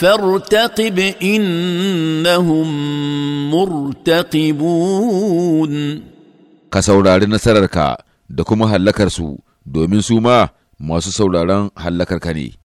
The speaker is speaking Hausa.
فارتقب إنهم مرتقبون ka saurari nasararka da kuma hallakarsu domin su ma masu sauraron hallakarka ne.